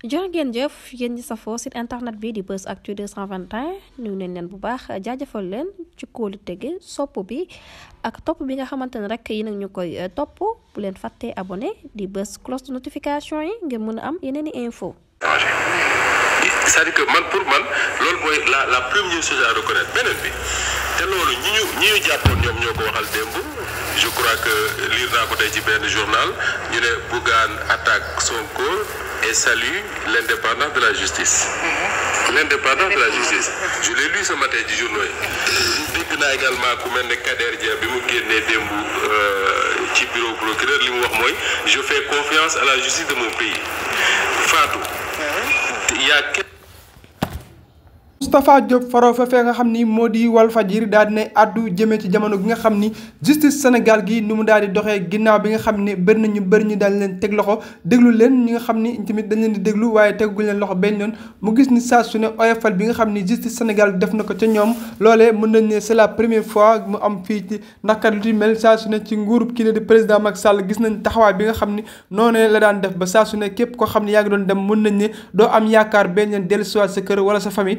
jërë ngeen jëf yéen ñi safoo site internet bi di bës Actu 221 nuyu nañ leen bu baax jaajëfal leen ci kóolu tege sopp bi ak topp bi nga xamante ne rek yi nag ñu koy euh, topp bu leen fàttee abone di bës cloche de notification yi ngir mën a am yeneen i info c'est-à-dire que man pour man loolu mooy la la première chose à beneen bi te loolu ñi ñu jàppoon ñoom ñoo ko waxal démb je crois que naa ko tey ci benn journal ñu ne Bougane attaque Sonko et salue l'indépendance de la justice. Mm-hmm. l'indépendance de la justice. je l'ai lu ce matin ci journaux yi. dégg naa également ku mel ne Kader Dia bi mu génnee démb euh, ci bureau procureur li mu wax mooy je fais confiance à la justice de mon pays. Fatou. Mm-hmm. Moustapha Diop faroo fa fee nga xam ni moo di wall Walfadjri daal di nay àddu jëmee ci jamono gi nga xam ni justice Sénégal gi ni mu daal di doxee ginnaaw bi nga xam ni bëri nañu bëri ñu daal leen teg loxo déglu leen ñi nga xam ni tamit dañ leen di déglu waaye teguñ leen loxo benn yoon mu gis ni saa su ne oyofal bi nga xam ni justice Sénégal def na ko ca ñoom loole mën nañ ne c'est la première fois mu am fii ci naqar lu ci mel saa su ci nguurub kii la di président Macky Sall gis nañ taxawaay bi nga xam ni noonee la daan def ba saa su ne képp koo xam ne yaa ngi doon dem mën nañ ne doo am yaakaar benn yoon dellusiwaat sa kër wala sa famille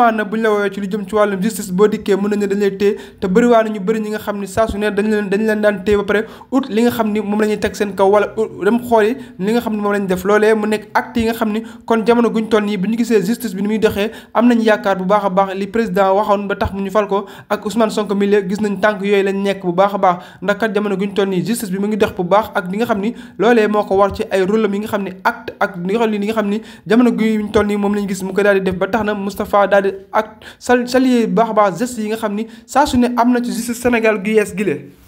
amaana bu ñu la woowee ci lu jëm ci wàllum justice boo dikkee mën nañu dañ lay te bëriwaa ñu bëri ñi nga xam ni saa su ne dañ leen dañ leen daan téye ba pare ut li nga xam ni moom la def loolee moo ko war ci ay rôle yi nga xam ni acte ak li xam ni jamono guñ toll nii moom lañ gis mu ko daal def ba tax na Moustapha daal ak sa bu baax baax geste yi nga xam ni saa su ne am na ci justice Sénégal gu yees gi